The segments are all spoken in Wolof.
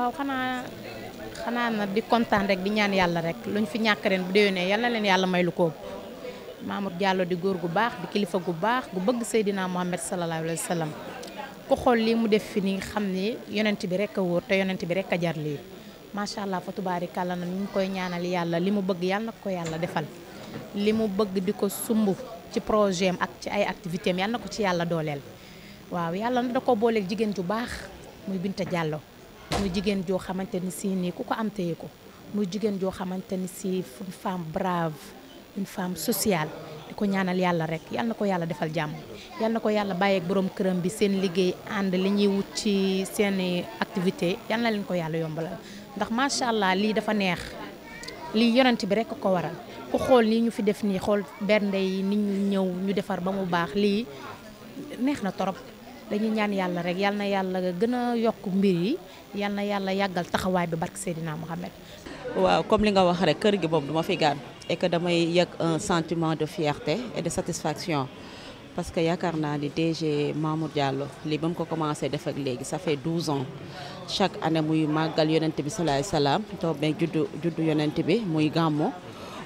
waaw xanaa xanaa nag di kontaan rek di ñaan yàlla rek luñ fi ñàkk ren bu déwénee yal na leen yàlla may lu ko Mamour Diallo di góor gu baax di kilifa gu baax gu bëgg Seydina Mohamed sallallahu alayhi wa sallam ku xool lii mu def fi nii xam ni yonent bi rek a wóor te bi rek a jar macha allah fa tubaarikàlla na ñu ngi koy ñaanal yàlla li mu bëgg yàlla na ko yàlla defal li mu bëgg di ko sumb ci projet ak ci ay activité yàlla ci yàlla dooleel waaw yàlla na da ko jigéen ju baax muy Binta Diallo muy jigéen joo xamante ni sii nii ku ko am téye ko muy jigéen joo xamante ni si une femme brave une femme sociale di ko ñaanal yàlla rek yàlla na ko yàlla defal jàmm yal na ko yàlla bàyyeeg boroom këram bi seen liggéey ànd li ñuy wut ci seeni activité yal na leen ko yàlla yombalal ndax macha allah lii dafa neex lii yonent bi rek ko waral ku xool nii ñu fi def nii xool bernde yi nit ñu ñëw ñu defar ba mu baax lii neex na torop il ñaan comme li nga wax un sentiment de fierté et de satisfaction parce que yaakaar DG Mamour Diallo lii ko commencé def ça fait 12 ans chaque année muy suis yonent bi salaay salaam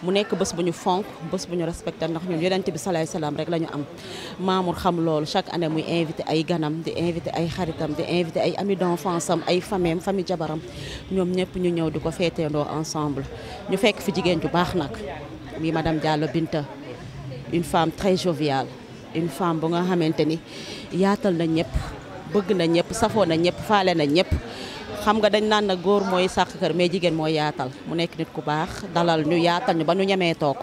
mu nekk bés fonk buñu respecté ndax bi am chaque année muy invité ay ganam di invité ay xaritam di invité ay amis d'enfance am ay ensemble ñu fekk fi ju mi madame Diallo Binta une femme très joviale une femme bu nga xamanteni yaatal na bëgg na ñëpp safoo na ñëpp faale na ñëpp xam nga dañ naan na góor mooy sàq kër mais jigéen mooy yaatal mu nekk nit ku baax dalal ñu yaatal ñu ba ñu ñemee toog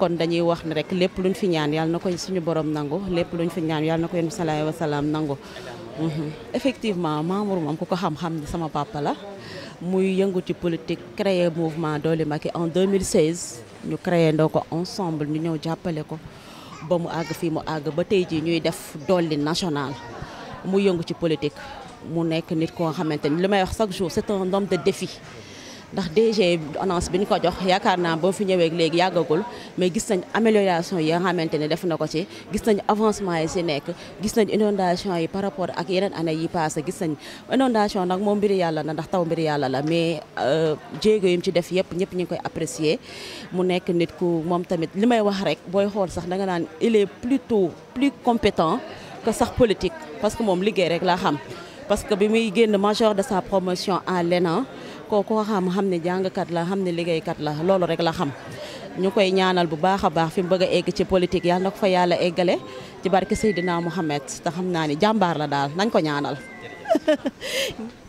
kon dañuy wax ni rek lépp luñ fi ñaan yàlla na ko suñu borom nangu lépp luñ fi ñaan yàlla na ko yéen salaay wa salaam nangu. Mhm. effectivement Mamour moom ku ko xam-xam ni sama papa muy yëngu ci politique créer mouvement Dolli Macky en 2016 ñu créer ndoo ko ensemble ñu ñëw jàppale ko ba mu àgg fii mu àgg ba tey jii ñuy def Dolli national. mu yëngu ci politique mu nekk nit koo xamante ni li may wax chaque jour c'est un homme de défi ndax DG annonce bi ñu ko jox yaakaar naa boo fi ñëwee léegi yàggagul mais gis nañ amélioration yi nga xamante ne def na ko ci gis nañ avancement yi si nekk gis nañ inondation yi par rapport ak yeneen année yi passé gis nañ inondation nag moom mbiri yàlla la ndax taw mbiri yàlla la mais euh, jéego yi ci def yëpp ñëpp ñu ngi koy apprécier mu nekk nit ku moom tamit li may wax rek booy xool sax da nga naan il est plutôt plus compétent que sax politique parce que moom liggéey rek la xam parce que bi muy génn major de sa promotion à l'ENA ko xam xam ne kat la xam ne liggéeykat la loolu rek la xam ñu koy ñaanal bu baax a baax fi mu bëgg a egg ci politique yàlla na ko fa yàlla eggale ci barke Seydina Mouhamed te xam naa ni jàmbaar la daal nañ ko ñaanal